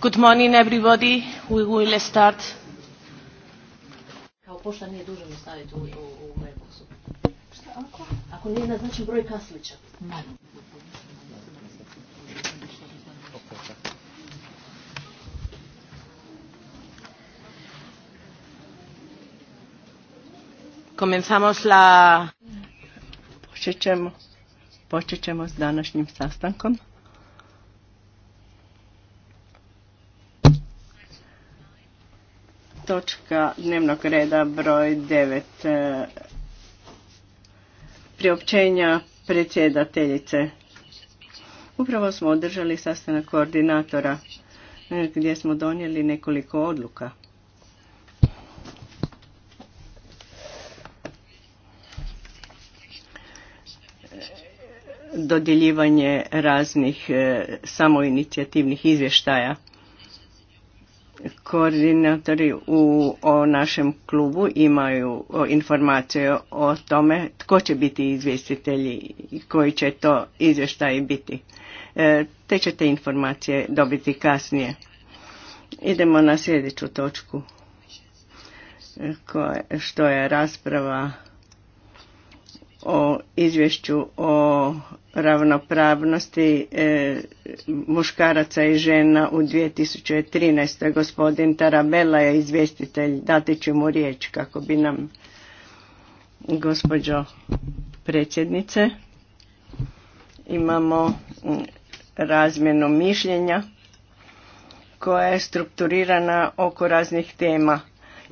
Good morning everybody. We will start. Kao pošta nije mi staviti u, u, u mailboxu. Šta ako? Ako nije naznačen znači broj kaslića. Komenzamos la... Počet ćemo, počet ćemo s današnjim sastankom. točka dnevnog reda broj 9 e, priopćenja predsjedateljice. Upravo smo održali sastanak koordinatora e, gdje smo donijeli nekoliko odluka. Dodjeljivanje raznih e, samoinicijativnih izvještaja koordinatori u o našem klubu imaju informaciju o tome tko će biti izvjestitelji i koji će to izvještaj biti. E, te ćete informacije dobiti kasnije. Idemo na sljedeću točku, e, koja, što je rasprava o izvješću o ravnopravnosti e, muškaraca i žena u 2013. Gospodin Tarabela je izvjestitelj, dati će mu riječ kako bi nam gospođo predsjednice. Imamo mm, razmjenu mišljenja koja je strukturirana oko raznih tema.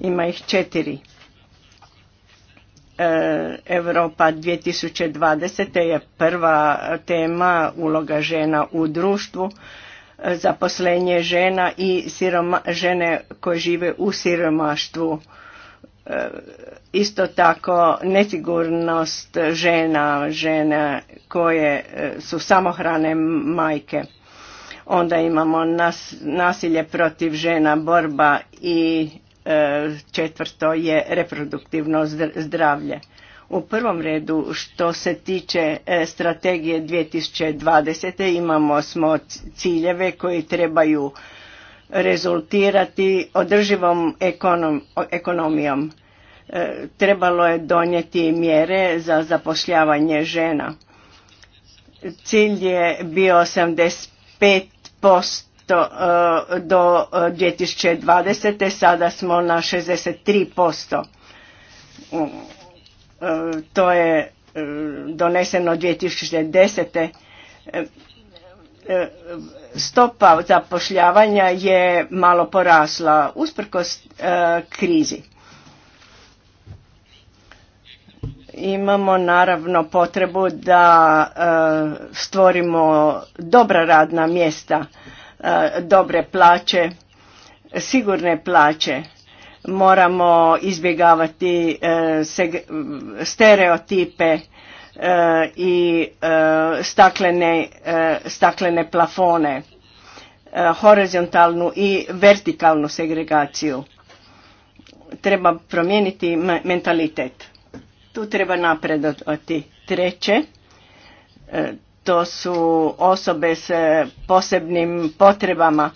Ima ih četiri. E, Europa 2020. je prva tema uloga žena u društvu, e, zaposlenje žena i siroma, žene koje žive u siromaštvu. E, isto tako nesigurnost žena, žene koje su samohrane majke. Onda imamo nasilje protiv žena, borba i četvrto je reproduktivno zdravlje. U prvom redu što se tiče e, strategije 2020. imamo smo ciljeve koji trebaju rezultirati održivom ekonomijom. E, trebalo je donijeti mjere za zapošljavanje žena. Cilj je bio 75% E, do 2020. E, sada smo na 63%. Mm, e, to je doneseno 2010. Stopa zapošljavanja je malo porasla usprkos krizi. imamo naravno potrebu da stvorimo dobra radna mjesta E, dobre plaće, sigurne plaće. Moramo izbjegavati e, stereotipe e, i staklene, staklene plafone, horizontalnu i vertikalnu segregaciju. Treba promijeniti mentalitet. Tu treba napredovati. Treće, to su osobe s posebnim potrebama,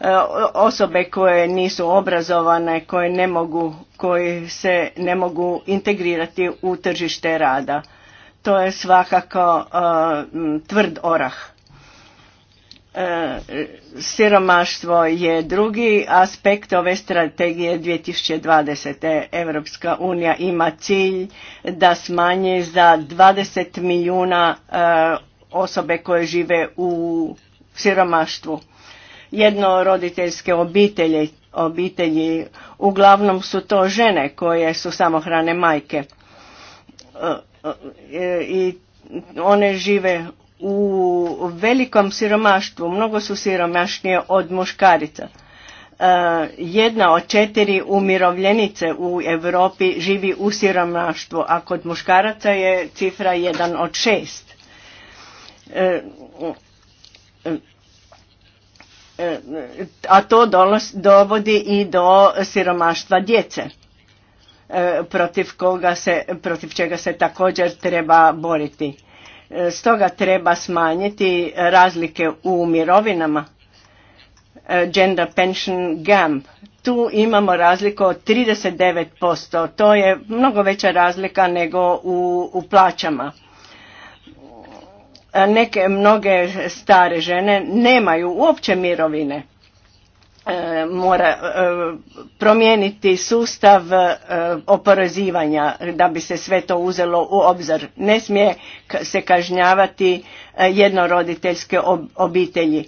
e, osobe koje nisu obrazovane, koje ne mogu, koji se ne mogu integrirati u tržište rada. To je svakako e, tvrd orah. Uh, siromaštvo je drugi aspekt ove strategije 2020. Evropska unija ima cilj da smanji za 20 milijuna osobe koje žive u siromaštvu. Jednoroditeljske obitelji, obitelji uglavnom su to žene koje su samohrane majke e, i one žive u velikom siromaštvu, mnogo su siromašnije od muškarica. E, jedna od četiri umirovljenice u Europi živi u siromaštvu, a kod muškaraca je cifra jedan od šest E, e, e, a to dovodi i do siromaštva djece protiv, koga se, protiv čega se također treba boriti. Stoga treba smanjiti razlike u mirovinama, gender pension gap. Tu imamo razliku od 39%, to je mnogo veća razlika nego u, u plaćama E, neke mnoge stare žene nemaju uopće mirovine e, mora e, promijeniti sustav e, oporezivanja da bi se sve to uzelo u obzir ne smije se kažnjavati jednoroditeljske obitelji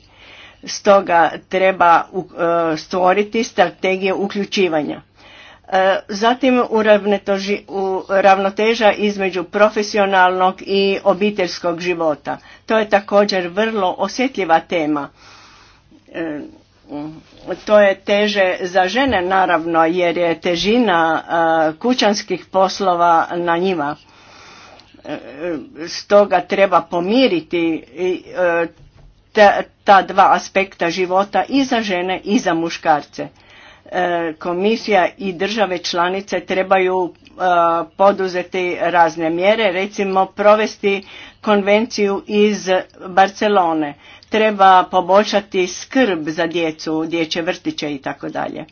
stoga treba stvoriti strategije uključivanja Zatim ravnoteža između profesionalnog i obiteljskog života. To je također vrlo osjetljiva tema. E, to je teže za žene naravno jer je težina e, kućanskih poslova na njima. E, stoga treba pomiriti ta dva aspekta života i za žene i za muškarce E, komisija i države članice trebaju e, poduzeti razne mjere, recimo provesti konvenciju iz Barcelone, treba poboljšati skrb za djecu, dječje vrtiće i tako dalje.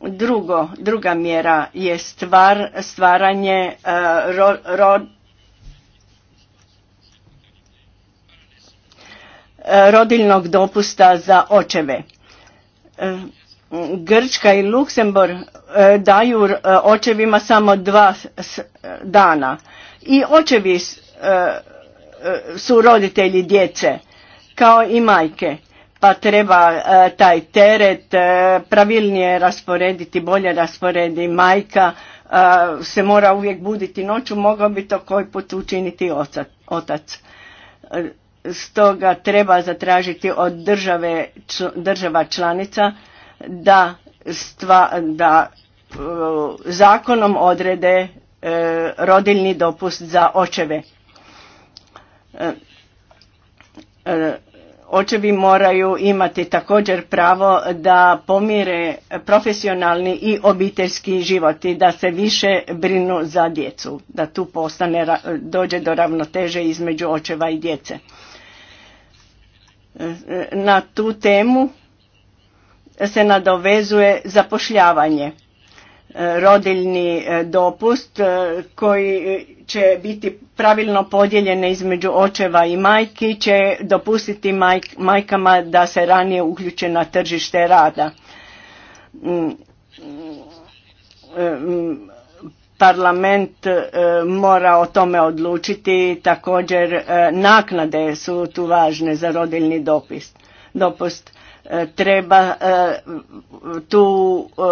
Drugo, druga mjera je stvar, stvaranje e, rodiljnog dopusta za očeve. Grčka i Luksemburg e, daju e, očevima samo dva dana i očevi e, su roditelji djece kao i majke pa treba taj teret pravilnije rasporediti, bolje rasporedi majka se mora uvijek buditi noću, mogao bi to koji put učiniti otac. Stoga treba zatražiti od države, država članica da, da e, zakonom odrede e, rodiljni dopust za očeve. E, e, očevi moraju imati također pravo da pomire profesionalni i obiteljski život i da se više brinu za djecu, da tu postane, dođe do ravnoteže između očeva i djece. Na tu temu se nadovezuje zapošljavanje e, rodiljni e, dopust e, koji će biti pravilno podijeljen između očeva i majki će dopustiti majkama da se ranije uključe na tržište rada. Mm, mm, mm, parlament mora o tome odlučiti, također naknade su tu važne za rodiljni dopust treba e, tu e,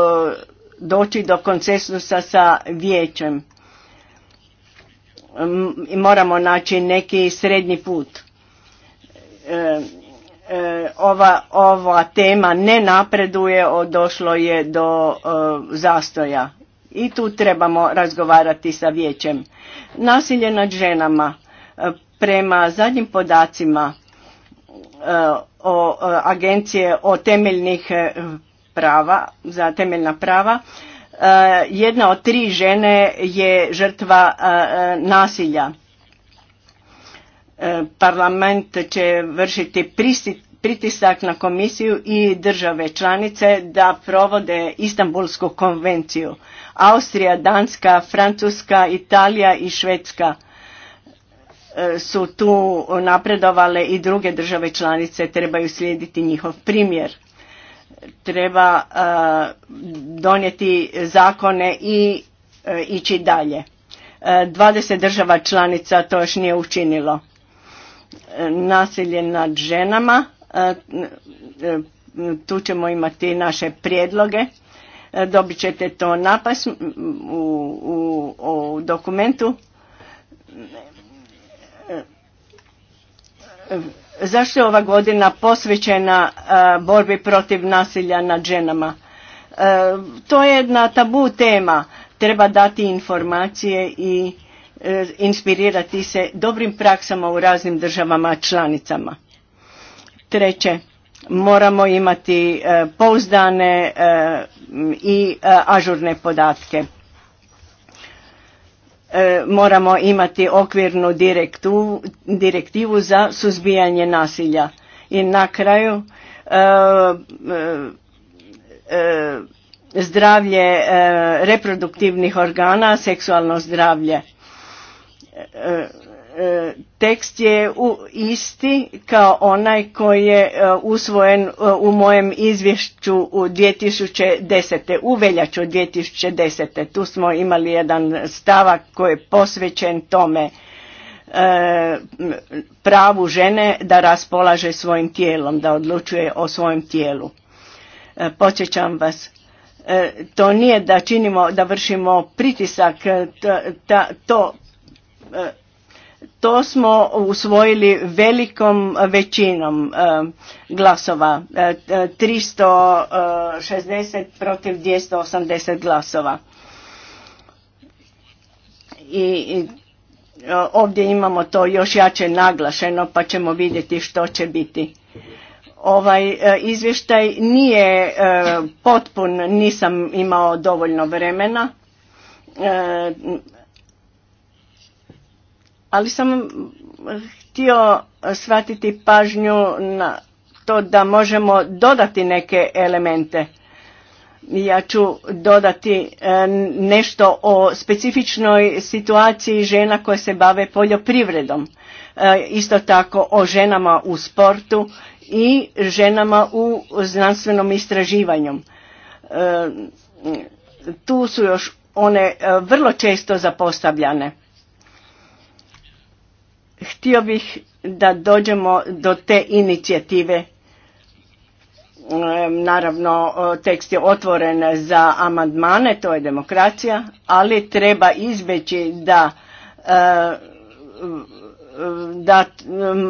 doći do konsensusa sa vijećem. Moramo naći neki srednji put. E, ova, ova tema ne napreduje, došlo je do zastoja. I tu trebamo razgovarati sa vijećem. Nasilje nad ženama. Prema zadnjim podacima o e, agencije o temeljnih e, prava, za temeljna prava. E, jedna od tri žene je žrtva nasilja. Parlament će vršiti pritisak na komisiju i države članice da provode Istanbulsku konvenciju. Austrija, Danska, Francuska, Italija i Švedska E, su tu napredovale i druge države članice trebaju slijediti njihov primjer treba e, donijeti zakone i e, ići dalje 20 država članica to još nije učinilo nasilje nad ženama tu ćemo imati naše prijedloge dobit ćete to napas u, u, u dokumentu zašto je ova godina posvećena e, borbi protiv nasilja nad ženama? E, to je jedna tabu tema. Treba dati informacije i e, inspirirati se dobrim praksama u raznim državama članicama. Treće, moramo imati pouzdane i ažurne podatke. E, moramo imati okvirnu direktivu za suzbijanje nasilja. I na kraju e, e, zdravlje reproduktivnih organa, seksualno zdravlje E, tekst je u isti kao onaj koji je e, usvojen e, u mojem izvješću u 2010. u veljaču 2010. Tu smo imali jedan stavak koji je posvećen tome pravu žene da raspolaže svojim tijelom, da odlučuje o svojem tijelu. Počećam vas, to nije da činimo, da vršimo pritisak, to to smo usvojili velikom većinom e, glasova, 360 e, e, protiv 280 glasova. I ovdje imamo to još jače naglašeno pa ćemo vidjeti što će biti. Ovaj izvještaj nije potpun, nisam imao dovoljno vremena ali sam htio shvatiti pažnju na to da možemo dodati neke elemente. Ja ću dodati e, nešto o specifičnoj situaciji žena koje se bave poljoprivredom. E, isto tako o ženama u sportu i ženama u znanstvenom istraživanju. E, tu su još one vrlo često zapostavljane Htio bih da dođemo do te inicijative. Naravno, tekst je otvoren za amandmane, to je demokracija, ali treba izbjeći da e, da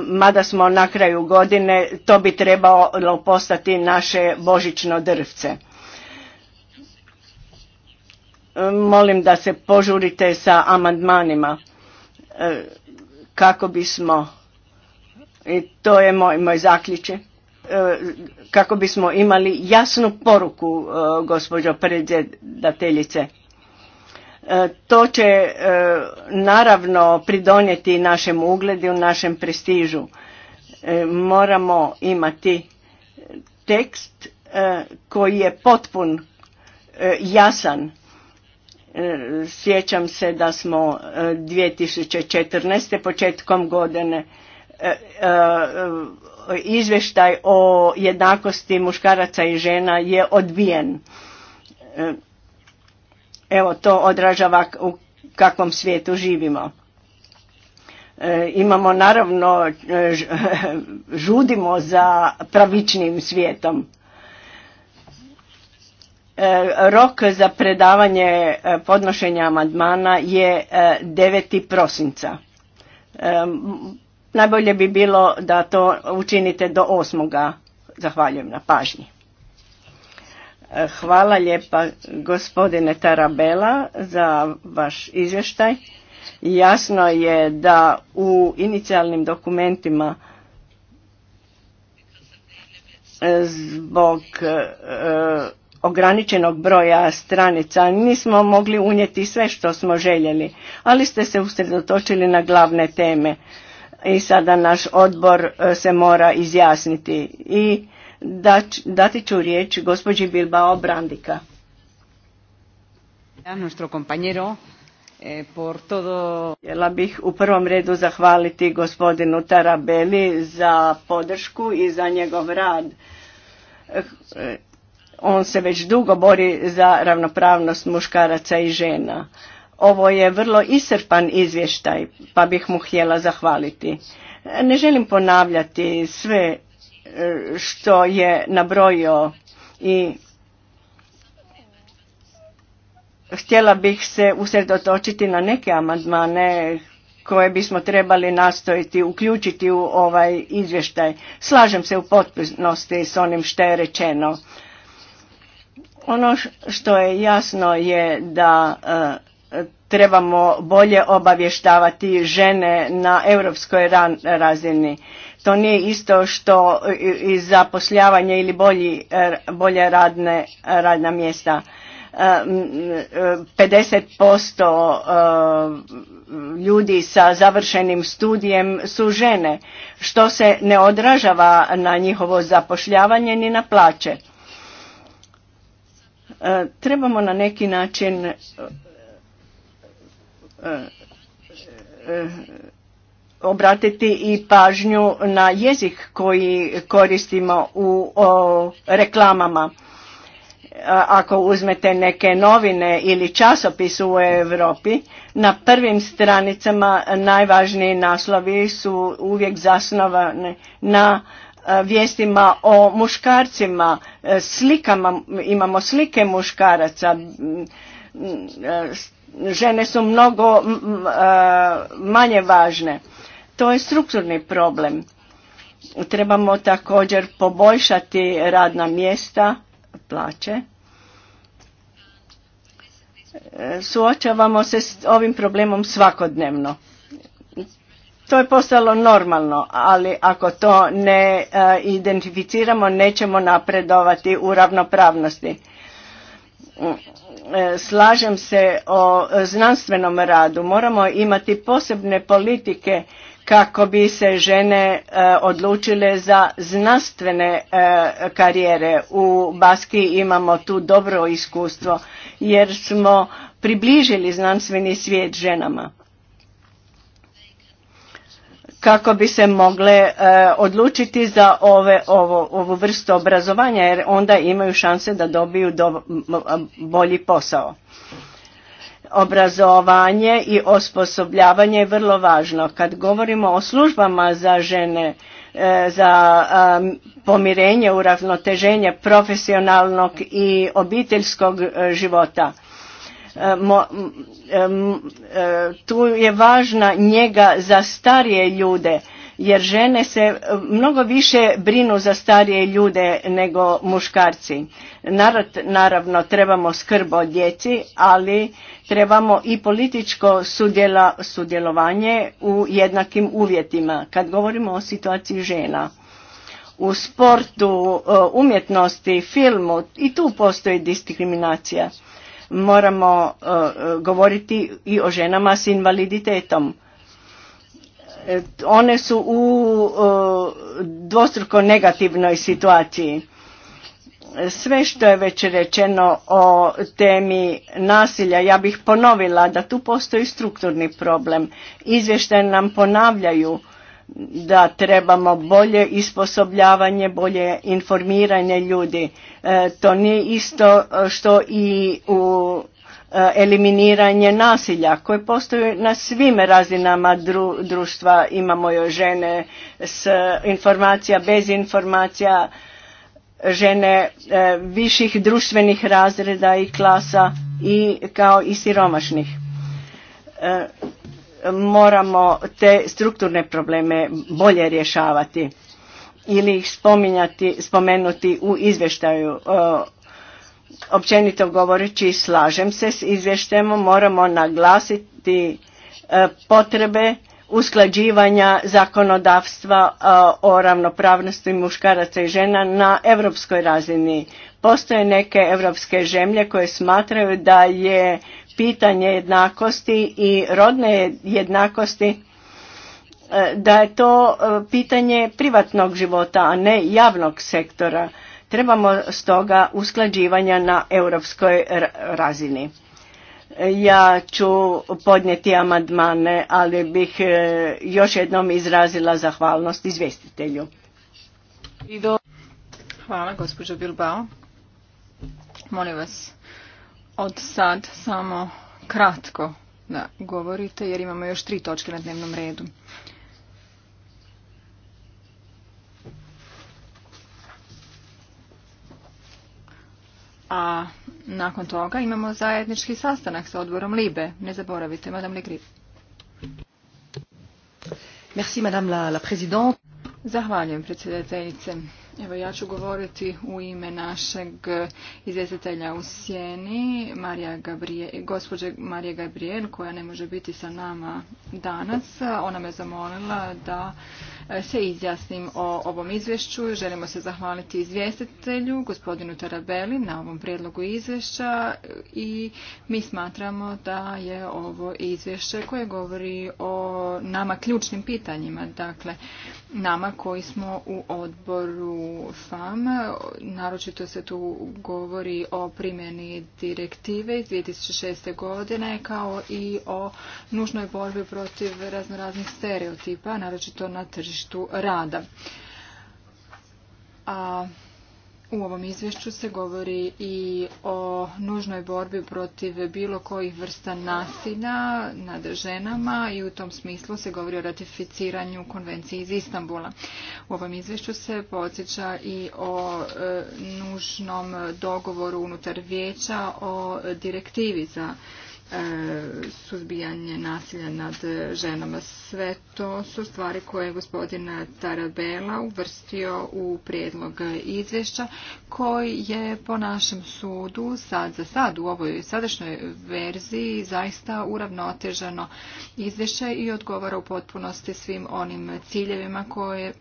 mada smo na kraju godine to bi trebalo postati naše božićno drvce. Molim da se požurite sa amandmanima. E, kako bismo i to je moj, moj zaključak e, kako bismo imali jasnu poruku e, gospođo predsjedateljice. E, to će naravno pridonijeti našem ugledu, našem prestižu. Moramo imati tekst koji je potpun, jasan E, sjećam se da smo 2014. E, početkom godine e, izvještaj o jednakosti muškaraca i žena je odbijen. Evo to odražava u kakvom svijetu živimo. Imamo naravno, žudimo za pravičnim svijetom. E, rok za predavanje e, podnošenja amandmana je 9. E, prosinca. Najbolje bi bilo da to učinite do 8. Zahvaljujem na pažnji. Hvala lijepa gospodine Tarabela za vaš izvještaj. Jasno je da u inicijalnim dokumentima zbog ograničenog broja stranica nismo mogli unijeti sve što smo željeli, ali ste se usredotočili na glavne teme i sada naš odbor e, se mora izjasniti i dati ću riječ gospođi Bilbao Brandika. Eh, Htjela bih u prvom redu zahvaliti gospodinu Tarabeli za podršku i za njegov rad eh, on se već dugo bori za ravnopravnost muškaraca i žena. Ovo je vrlo isrpan izvještaj, pa bih mu htjela zahvaliti. Ne želim ponavljati sve e, što je nabrojio i htjela bih se usredotočiti na neke amandmane koje bismo trebali nastojiti uključiti u ovaj izvještaj. Slažem se u potpunosti s onim što je rečeno. Ono što je jasno je da e, trebamo bolje obavještavati žene na europskoj razini. To nije isto što i zapošljavanje ili e, bolje radne, radna mjesta. 50% e, ljudi sa završenim studijem su žene, što se ne odražava na njihovo zapošljavanje ni na plaće E, trebamo na neki način e, e, obratiti i pažnju na jezik koji koristimo u reklamama. Ako uzmete neke novine ili časopisu u Europi, na prvim stranicama najvažniji naslovi su uvijek zasnovani na E, vijestima o muškarcima, e, slikama, imamo slike muškaraca, e, žene su mnogo manje važne. To je strukturni problem. Trebamo također poboljšati radna mjesta, plaće. Suočavamo se s ovim problemom svakodnevno. To je postalo normalno, ali ako to ne e, identificiramo nećemo napredovati u ravnopravnosti. E, slažem se o znanstvenom radu. Moramo imati posebne politike kako bi se žene e, odlučile za znanstvene karijere. U Baski imamo tu dobro iskustvo jer smo približili znanstveni svijet ženama kako bi se mogle e, odlučiti za ove, ovo, ovu vrstu obrazovanja jer onda imaju šanse da dobiju bolji posao. Obrazovanje i osposobljavanje je vrlo važno. Kad govorimo o službama za žene, e, za pomirenje, uravnoteženje profesionalnog i obiteljskog e, života, E, e, e, tu je važna njega za starije ljude jer žene se mnogo više brinu za starije ljude nego muškarci. Naravno trebamo skrb o djeci, ali trebamo i političko sudjela, sudjelovanje u jednakim uvjetima kad govorimo o situaciji žena. U sportu, umjetnosti, filmu i tu postoji diskriminacija moramo e, govoriti i o ženama s invaliditetom e, one su u e, dvostruko negativnoj situaciji sve što je već rečeno o temi nasilja ja bih ponovila da tu postoji strukturni problem izvještaj nam ponavljaju da trebamo bolje isposobljavanje, bolje informiranje ljudi. E, to nije isto e, što i u e, eliminiranje nasilja koje postoji na svim razinama društva. Imamo joj žene s informacija, bez informacija, žene viših društvenih razreda i klasa i kao i siromašnih moramo te strukturne probleme bolje rješavati ili ih spominjati, spomenuti u izvještaju. E, općenito govoreći slažem se s izvještajem, moramo naglasiti e, potrebe usklađivanja zakonodavstva e, o ravnopravnosti muškaraca i žena na europskoj razini. Postoje neke europske žemlje koje smatraju da je pitanje jednakosti i rodne jednakosti e, da je to e, pitanje privatnog života, a ne javnog sektora. Trebamo stoga usklađivanja na europskoj razini. Ja ću podnijeti amandmane, ali bih e, još jednom izrazila zahvalnost izvjestitelju. Hvala, gospođo Bilbao. Molim vas, od sad samo kratko da govorite jer imamo još tri točke na dnevnom redu. A nakon toga imamo zajednički sastanak sa odborom Libe. Ne zaboravite, madame Legri. Merci, madame la, la Zahvaljujem, predsjedateljice. Evo ja ću govoriti u ime našeg izvjestitelja u Sjeni, Marija gospođe Marije Gabriel, koja ne može biti sa nama danas. Ona me zamolila da e, se izjasnim o ovom izvješću. Želimo se zahvaliti izvjestitelju, gospodinu Tarabeli, na ovom prijedlogu izvješća i mi smatramo da je ovo izvješće koje govori o nama ključnim pitanjima. Dakle, nama koji smo u odboru FAM. Naročito se tu govori o primjeni direktive iz 2006. godine kao i o nužnoj borbi protiv raznoraznih stereotipa, naročito na tržištu rada. A u ovom izvješću se govori i o nužnoj borbi protiv bilo kojih vrsta nasilja nad ženama i u tom smislu se govori o ratificiranju konvencije iz Istambula. U ovom izvješću se podsjeća i o e, nužnom dogovoru unutar vijeća o direktivi za E, suzbijanje nasilja nad ženama. Sve to su stvari koje je gospodin Tarabela uvrstio u prijedlog izvješća koji je po našem sudu sad za sad u ovoj sadašnjoj verziji zaista uravnoteženo izvješće i odgovara u potpunosti svim onim ciljevima koje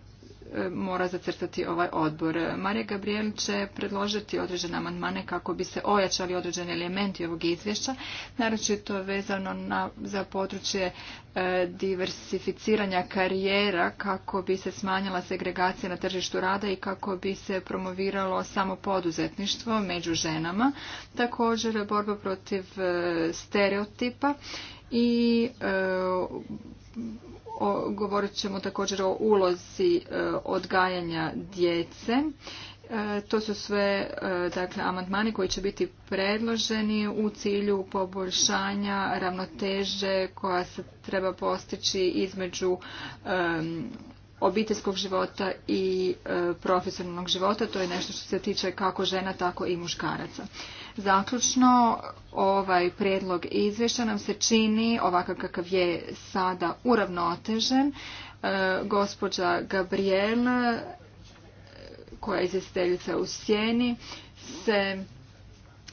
mora zacrtati ovaj odbor. Marija Gabriel će predložiti određene amandmane kako bi se ojačali određeni elementi ovog izvješća, naročito vezano na, za područje e, diversificiranja karijera kako bi se smanjila segregacija na tržištu rada i kako bi se promoviralo samo poduzetništvo među ženama. Također borba protiv e, stereotipa i e, govorit ćemo također o ulozi e, odgajanja djece. E, to su sve e, dakle, amandmani koji će biti predloženi u cilju poboljšanja ravnoteže koja se treba postići između obiteljskog života i profesionalnog života. To je nešto što se tiče kako žena, tako i muškaraca. Zaključno, ovaj prijedlog izvješća nam se čini ovakav kakav je sada uravnotežen. E, gospođa Gabriel, koja je izvjestiteljica u sjeni, se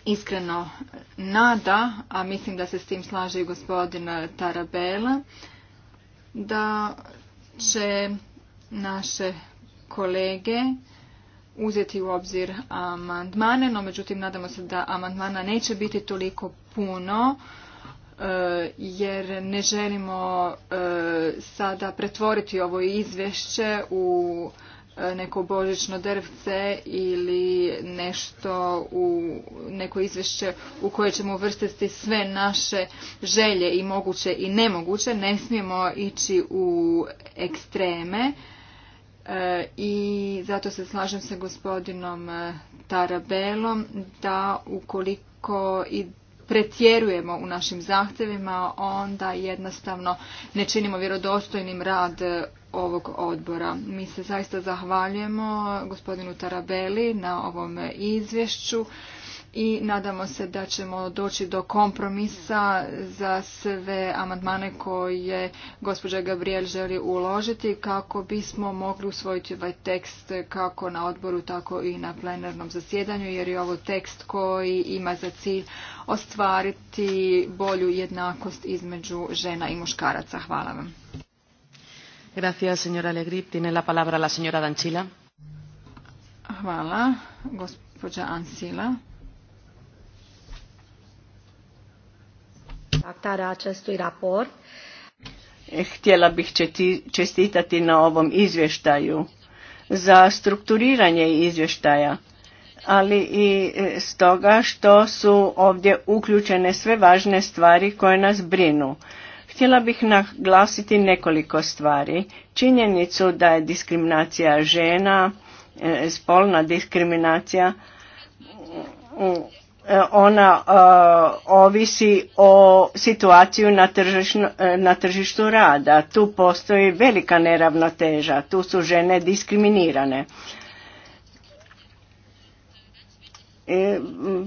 iskreno nada, a mislim da se s tim slaže i gospodin Tarabela, da će naše kolege uzeti u obzir amandmane, no međutim nadamo se da amandmana neće biti toliko puno e, jer ne želimo e, sada pretvoriti ovo izvješće u e, neko božično drvce ili nešto u neko izvješće u koje ćemo uvrstiti sve naše želje i moguće i nemoguće. Ne smijemo ići u ekstreme E, i zato se slažem sa gospodinom e, Tarabelom da ukoliko i pretjerujemo u našim zahtjevima, onda jednostavno ne činimo vjerodostojnim rad e, ovog odbora. Mi se zaista zahvaljujemo gospodinu Tarabeli na ovom izvješću i nadamo se da ćemo doći do kompromisa za sve amandmane koje gospođa Gabriel želi uložiti kako bismo mogli usvojiti ovaj tekst kako na odboru tako i na plenarnom zasjedanju jer je ovo tekst koji ima za cilj ostvariti bolju jednakost između žena i muškaraca. Hvala vam. Gracias, señora Tiene la palabra la señora Danchila. Hvala, gospođa Ansila. acestui raport. Eh, htjela bih čestitati na ovom izvještaju za strukturiranje izvještaja, ali i e, stoga što su ovdje uključene sve važne stvari koje nas brinu. Htjela bih naglasiti nekoliko stvari. Činjenicu da je diskriminacija žena, e, spolna diskriminacija E, ona e, ovisi o situaciju na, tržišno, e, na tržištu rada. Tu postoji velika neravnoteža, tu su žene diskriminirane.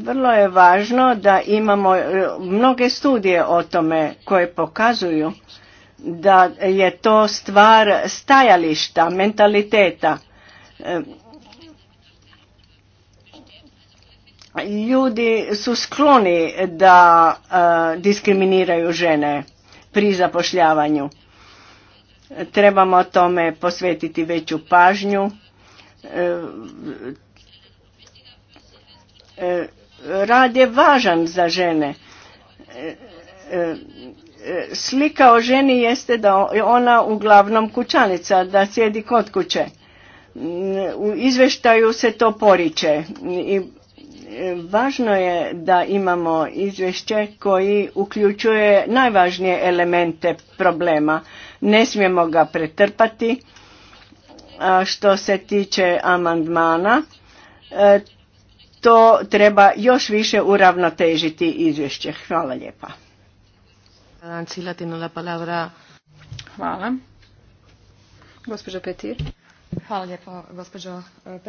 Vrlo je važno da imamo mnoge studije o tome koje pokazuju da je to stvar stajališta, mentaliteta ljudi su skloni da e, diskriminiraju žene pri zapošljavanju. Trebamo tome posvetiti veću pažnju. E, e, rad je važan za žene. Slika o ženi jeste da ona uglavnom kućanica, da sjedi kod kuće. U izveštaju se to poriče i Važno je da imamo izvješće koji uključuje najvažnije elemente problema. Ne smijemo ga pretrpati. Što se tiče amandmana, e, to treba još više uravnotežiti izvješće. Hvala lijepa. Hvala. Gospođa Petir. Hvala lijepo gospođo e,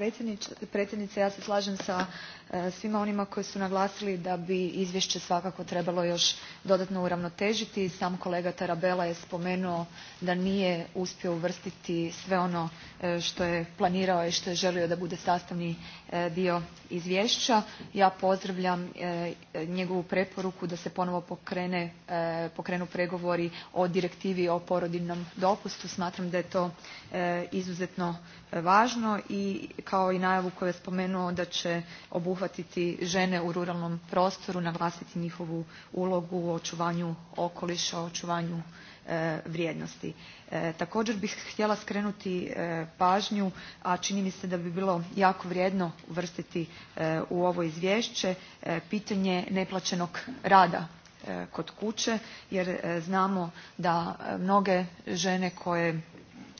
predsjednice. Ja se slažem sa e, svima onima koji su naglasili da bi izvješće svakako trebalo još dodatno uravnotežiti sam kolega Tarabela je spomenuo da nije uspio uvrstiti sve ono e, što je planirao i što je želio da bude sastavni dio izvješća. Ja pozdravljam njegovu preporuku da se ponovo pokrenu pregovori o direktivi o porodiljnom dopustu. Smatram da je to izuzetno važno i kao i najavu koju je spomenuo da će obuhvatiti žene u ruralnom prostoru, naglasiti njihovu ulogu u očuvanju okoliša, očuvanju e, vrijednosti. E, također bih htjela skrenuti e, pažnju, a čini mi se da bi bilo jako vrijedno uvrstiti u ovo izvješće pitanje neplaćenog rada kod kuće jer znamo da mnoge žene koje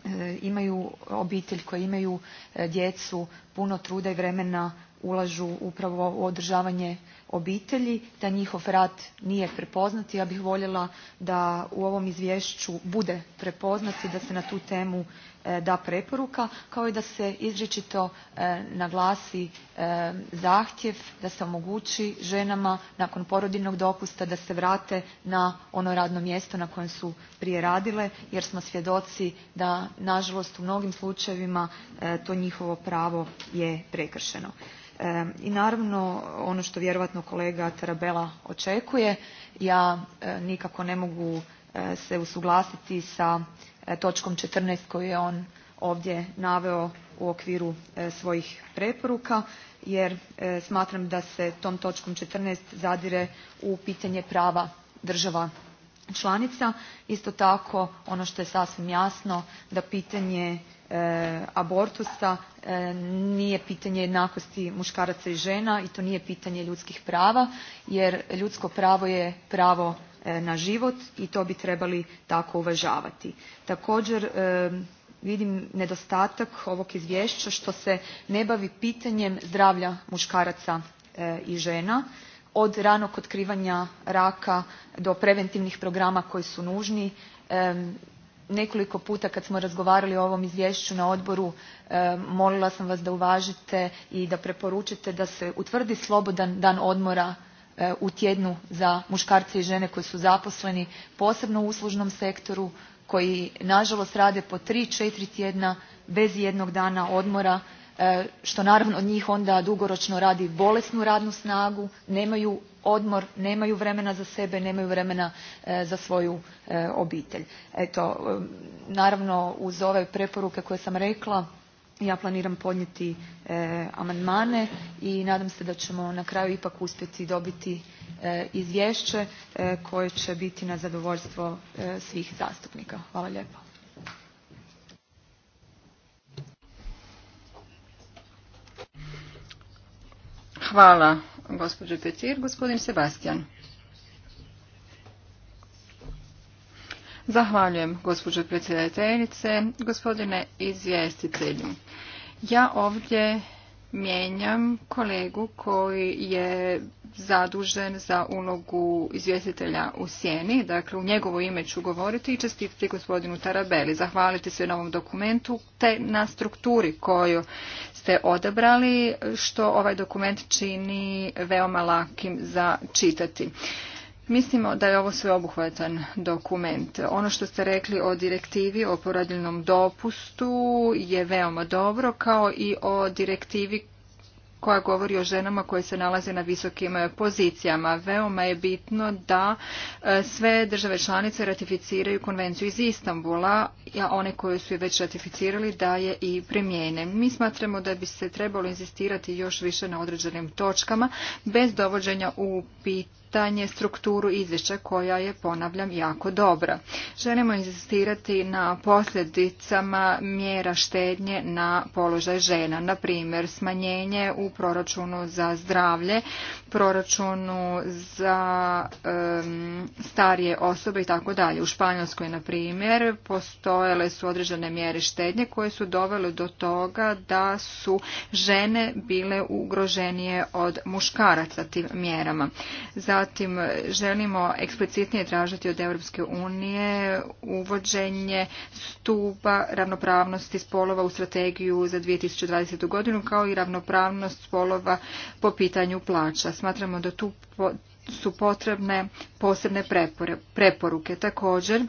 E, imaju obitelj, koje imaju e, djecu puno truda i vremena ulažu upravo u održavanje obitelji, da njihov rad nije prepoznat i ja bih voljela da u ovom izvješću bude prepoznat i da se na tu temu e, da preporuka kao i da se izričito e, naglasi e, zahtjev da se omogući ženama nakon porodiljnog dopusta da se vrate na ono radno mjesto na kojem su prije radile jer smo svjedoci da nažalost u mnogim slučajevima to njihovo pravo je prekršeno. I naravno ono što vjerojatno kolega Tarabela očekuje, ja e, nikako ne mogu e, se usuglasiti sa e, točkom 14 koju je on ovdje naveo u okviru svojih preporuka jer smatram da se tom točkom 14 zadire u pitanje prava država članica. Isto tako ono što je sasvim jasno da pitanje E, abortusa e, nije pitanje jednakosti muškaraca i žena i to nije pitanje ljudskih prava jer ljudsko pravo je pravo e, na život i to bi trebali tako uvažavati. Također vidim nedostatak ovog izvješća što se ne bavi pitanjem zdravlja muškaraca i žena od ranog otkrivanja raka do preventivnih programa koji su nužni nekoliko puta kad smo razgovarali o ovom izvješću na odboru e, molila sam vas da uvažite i da preporučite da se utvrdi slobodan dan odmora e, u tjednu za muškarce i žene koji su zaposleni posebno u uslužnom sektoru koji nažalost rade po tri, četiri tjedna bez ijednog dana odmora E, što naravno od njih onda dugoročno radi bolesnu radnu snagu nemaju odmor nemaju vremena za sebe nemaju vremena e, za svoju e, obitelj. eto naravno uz ove preporuke koje sam rekla ja planiram podnijeti amandmane i nadam se da ćemo na kraju ipak uspjeti dobiti izvješće koje će biti na zadovoljstvo svih zastupnika. hvala lijepo. Hvala, gospođo Petir. Gospodin Sebastian. Zahvaljujem, gospođo predsjedateljice, gospodine izvjestitelju. Ja ovdje mijenjam kolegu koji je zadužen za ulogu izvjestitelja u sjeni. Dakle, u njegovo ime ću govoriti i čestiti gospodinu Tarabeli. Zahvaliti se na ovom dokumentu te na strukturi koju ste odabrali, što ovaj dokument čini veoma lakim za čitati. Mislimo da je ovo sveobuhvatan dokument. Ono što ste rekli o direktivi o porodiljnom dopustu je veoma dobro, kao i o direktivi koja govori o ženama koje se nalaze na visokim e, pozicijama. Veoma je bitno da e, sve države članice ratificiraju konvenciju iz Istambula, a one koje su je već ratificirali da je i primijene. Mi smatramo da bi se trebalo inzistirati još više na određenim točkama bez dovođenja u pitanje pitanje strukturu izvješća koja je, ponavljam, jako dobra. Želimo insistirati na posljedicama mjera štednje na položaj žena, na primjer smanjenje u proračunu za zdravlje, proračunu za starije osobe i tako dalje. U Španjolskoj, na primjer, postojele su određene mjere štednje koje su dovele do toga da su žene bile ugroženije od muškaraca tim mjerama. Zatim Zatim želimo eksplicitnije tražiti od Europske unije uvođenje stupa ravnopravnosti spolova u strategiju za 2020. godinu kao i ravnopravnost spolova po pitanju plaća. Smatramo da tu su potrebne posebne preporuke. Također,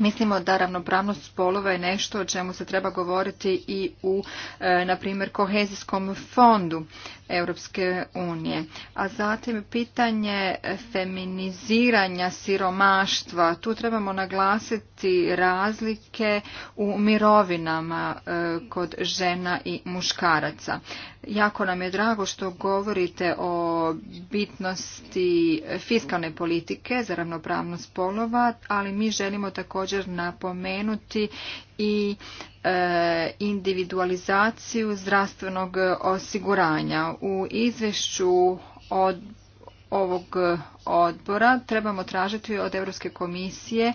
Mislimo da ravnopravnost spolova je nešto o čemu se treba govoriti i u, e, na primjer, kohezijskom fondu. Europske unije. A zatim pitanje feminiziranja siromaštva. Tu trebamo naglasiti razlike u mirovinama e, kod žena i muškaraca. Jako nam je drago što govorite o bitnosti fiskalne politike za ravnopravnost polova, ali mi želimo također napomenuti i e, individualizaciju zdravstvenog osiguranja. U izvješću od ovog odbora trebamo tražiti od Europske komisije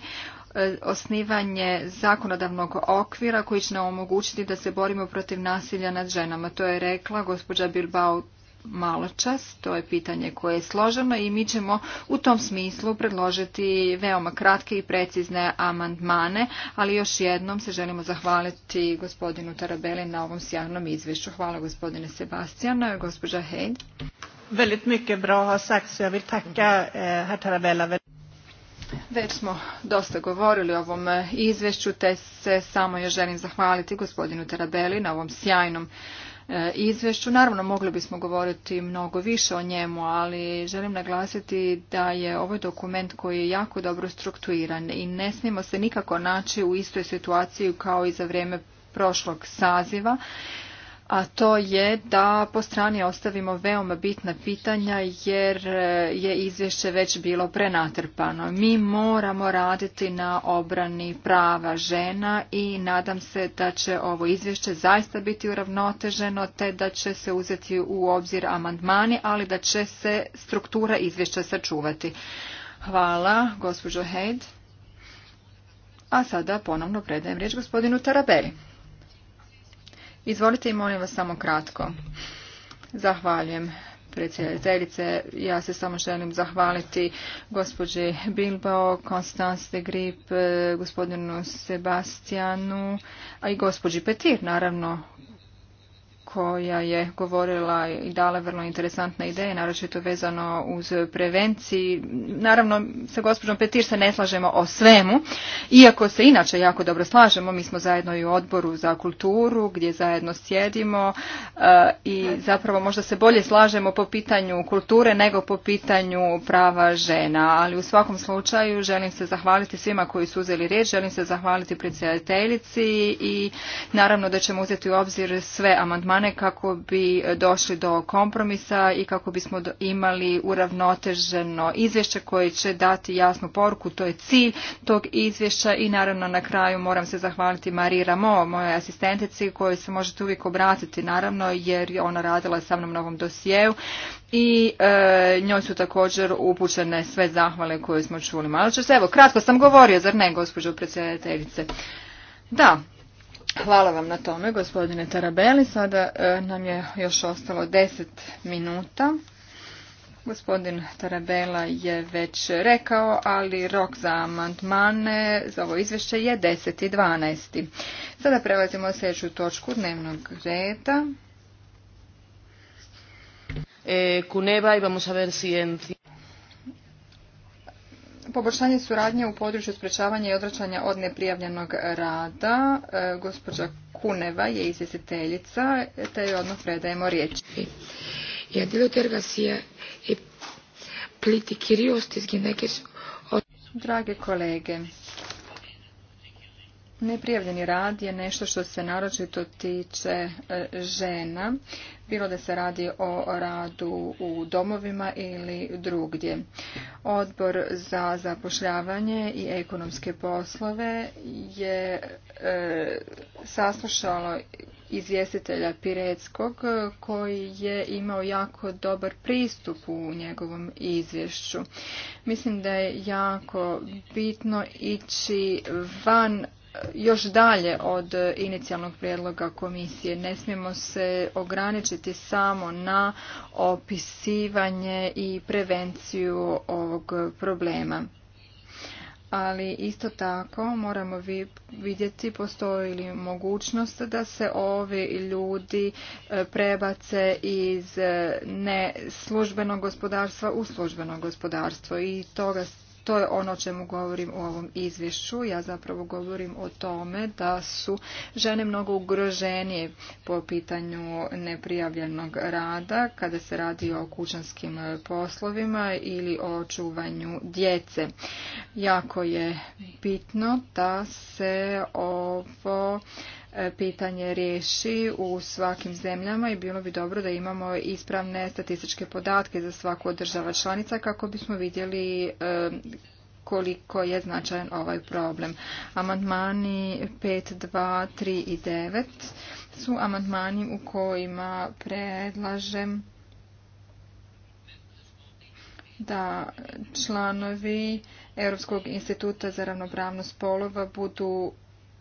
e, osnivanje zakonodavnog okvira koji će nam omogućiti da se borimo protiv nasilja nad ženama. To je rekla gospođa Bilbao maločas. To je pitanje koje je složeno i mi ćemo u tom smislu predložiti veoma kratke i precizne amandmane, ali još jednom se želimo zahvaliti gospodinu Tarabeli na ovom sjajnom izvješću. Hvala gospodine Sebastijana, gospođa Hejd. Väldigt mycket bra eh, Već smo dosta govorili o ovom eh, izvješću, te se samo još želim zahvaliti gospodinu Tarabeli na ovom sjajnom E, izvješću. Naravno, mogli bismo govoriti mnogo više o njemu, ali želim naglasiti da je ovaj dokument koji je jako dobro strukturiran i ne smijemo se nikako naći u istoj situaciji kao i za vrijeme prošlog saziva a to je da po strani ostavimo veoma bitna pitanja jer eh, je izvješće već bilo prenatrpano. Mi moramo raditi na obrani prava žena i nadam se da će ovo izvješće zaista biti uravnoteženo te da će se uzeti u obzir amandmani, ali da će se struktura izvješća sačuvati. Hvala, gospođo Hejd. A sada ponovno predajem riječ gospodinu Tarabeli. Izvolite i molim vas samo kratko. Zahvaljujem predsjedateljice. Ja se samo želim zahvaliti gospođi Bilbao, Konstance de Grip, eh, gospodinu Sebastianu, a i gospođi Petir, naravno, koja je govorila i dala vrlo interesantne ideje, naročito vezano uz prevenciji. Naravno, sa gospođom Petir se ne slažemo o svemu, iako se inače jako dobro slažemo, mi smo zajedno i u odboru za kulturu, gdje zajedno sjedimo eh, i zapravo možda se bolje slažemo po pitanju kulture nego po pitanju prava žena, ali u svakom slučaju želim se zahvaliti svima koji su uzeli riječ, želim se zahvaliti predsjedateljici i naravno da ćemo uzeti u obzir sve amandmane strane kako bi došli do kompromisa i kako bismo imali uravnoteženo izvješće koje će dati jasnu poruku. To je cilj tog izvješća i naravno na kraju moram se zahvaliti Mariji Ramo, mojoj asistentici kojoj se možete uvijek obratiti naravno jer je ona radila sa mnom novom ovom i e, njoj su također upućene sve zahvale koje smo čuli. Malo će evo, kratko sam govorio, zar ne, gospođo predsjedateljice? Da, Hvala vam na tome, gospodine Tarabeli. Sada e, nam je još ostalo 10 minuta. Gospodin Tarabela je već rekao, ali rok za amandmane za ovo izvješće je 10.12. Sada prelazimo sljedeću točku dnevnog reda. E, Kuneva vamos a poboljšanje suradnje u području sprečavanja i odračanja od neprijavljenog rada. E, gospođa Kuneva je izvjestiteljica, te joj odmah predajemo riječ. Drage kolege, Neprijavljeni rad je nešto što se naročito tiče e, žena, bilo da se radi o radu u domovima ili drugdje. Odbor za zapošljavanje i ekonomske poslove je e, saslušalo izvjestitelja Pireckog koji je imao jako dobar pristup u njegovom izvješću. Mislim da je jako bitno ići van još dalje od inicijalnog prijedloga komisije. Ne smijemo se ograničiti samo na opisivanje i prevenciju ovog problema. Ali isto tako moramo vidjeti postoji li mogućnost da se ovi ljudi e, prebace iz e, neslužbenog gospodarstva u službeno gospodarstvo i toga to je ono o čemu govorim u ovom izvješću. Ja zapravo govorim o tome da su žene mnogo ugroženije po pitanju neprijavljenog rada kada se radi o kućanskim poslovima ili o čuvanju djece. Jako je bitno da se ovo E, pitanje riješi u svakim zemljama i bilo bi dobro da imamo ispravne statističke podatke za svaku od država članica kako bismo vidjeli e, koliko je značajan ovaj problem. Amandmani 5, 2, 3 i 9 su amandmani u kojima predlažem da članovi Europskog instituta za ravnopravnost polova budu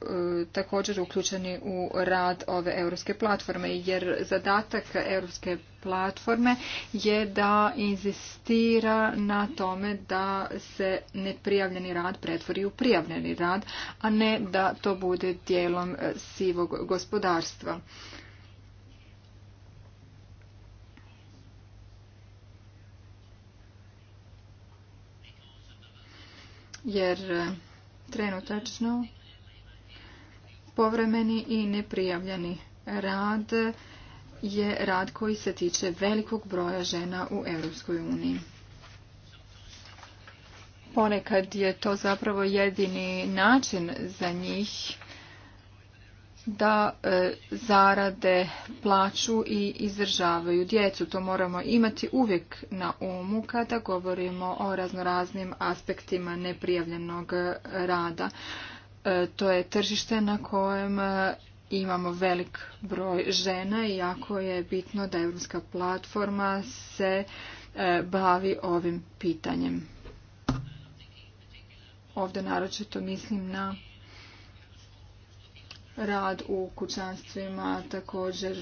E, također uključeni u rad ove europske platforme jer zadatak europske platforme je da inzistira na tome da se neprijavljeni rad pretvori u prijavljeni rad, a ne da to bude dijelom e, sivog gospodarstva. Jer e, trenutačno Povremeni i neprijavljeni rad je rad koji se tiče velikog broja žena u Europskoj uniji. Ponekad je to zapravo jedini način za njih da e, zarade plaću i izdržavaju djecu. To moramo imati uvijek na umu kada govorimo o raznoraznim aspektima neprijavljenog rada. E, to je tržište na kojem e, imamo velik broj žena i jako je bitno da Europska platforma se e, bavi ovim pitanjem. Ovdje naročito mislim na rad u kućanstvima, također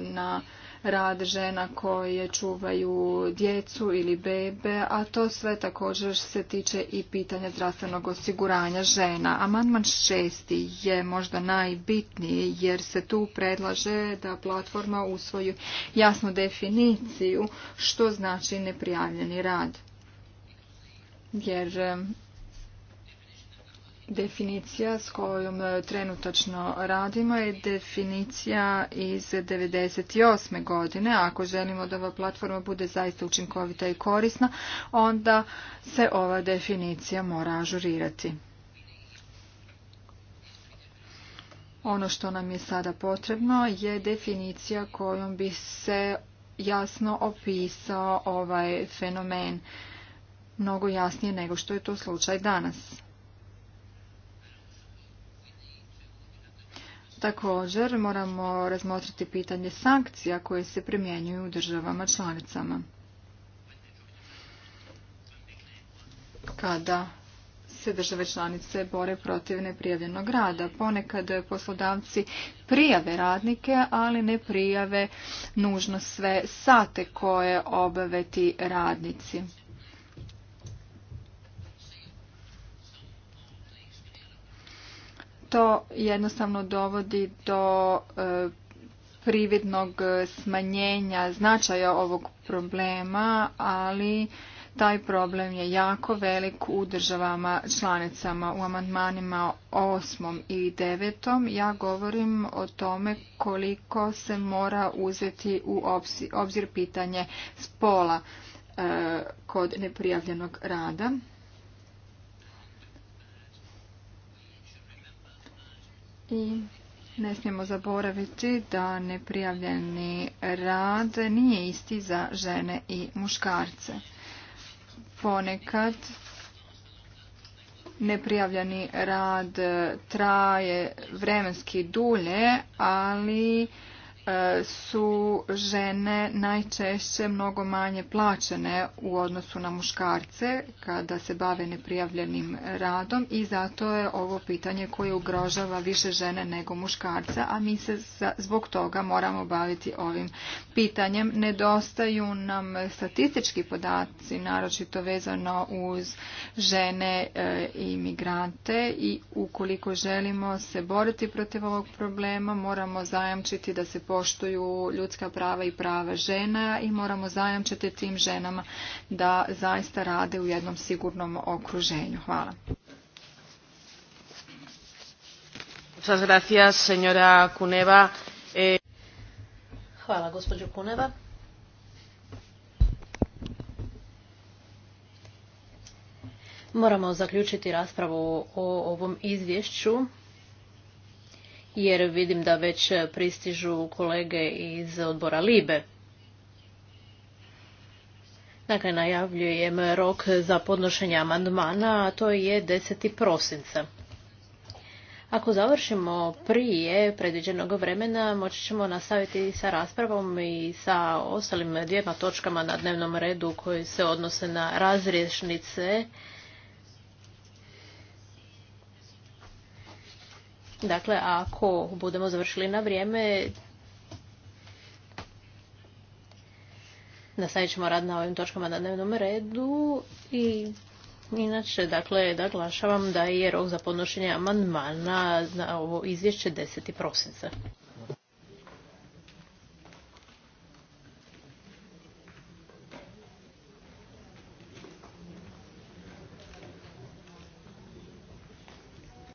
na rad žena koje čuvaju djecu ili bebe, a to sve također se tiče i pitanja zdravstvenog osiguranja žena. Amandman šesti je možda najbitniji jer se tu predlaže da platforma usvoju jasnu definiciju što znači neprijavljeni rad. Jer Definicija s kojom e, trenutačno radimo je definicija iz 1998. godine. Ako želimo da ova platforma bude zaista učinkovita i korisna, onda se ova definicija mora ažurirati. Ono što nam je sada potrebno je definicija kojom bi se jasno opisao ovaj fenomen mnogo jasnije nego što je to slučaj danas. Također moramo razmotriti pitanje sankcija koje se primjenjuju u državama članicama. Kada se države članice bore protiv neprijavljenog rada. Ponekad poslodavci prijave radnike, ali ne prijave nužno sve sate koje obave ti radnici. to jednostavno dovodi do e, prividnog smanjenja značaja ovog problema, ali taj problem je jako velik u državama članicama. U amandmanima 8. i 9. ja govorim o tome koliko se mora uzeti u obzir pitanje spola e, kod neprijavljenog rada. I ne smijemo zaboraviti da neprijavljeni rad nije isti za žene i muškarce. Ponekad neprijavljeni rad traje vremenski dulje, ali E, su žene najčešće mnogo manje plaćene u odnosu na muškarce kada se bave neprijavljenim radom i zato je ovo pitanje koje ugrožava više žene nego muškarca, a mi se zbog toga moramo baviti ovim pitanjem. Nedostaju nam statistički podaci, naročito vezano uz žene e, i migrante i ukoliko želimo se boriti protiv ovog problema moramo zajamčiti da se poštuju ljudska prava i prava žena i moramo zajamčiti tim ženama da zaista rade u jednom sigurnom okruženju. Hvala. Eh, Hvala gospođo Kuneva. Moramo zaključiti raspravu o ovom izvješću jer vidim da već pristižu kolege iz odbora Libe. Dakle, najavljujem rok za podnošenje amandmana, a to je 10. prosinca. Ako završimo prije predviđenog vremena, moći ćemo nastaviti sa raspravom i sa ostalim dvijema točkama na dnevnom redu koji se odnose na razriješnice Dakle, ako budemo završili na vrijeme, nastavit ćemo rad na ovim točkama na dnevnom redu i inače, dakle, naglašavam da je rok za podnošenje amandmana na ovo izvješće 10. prosinca.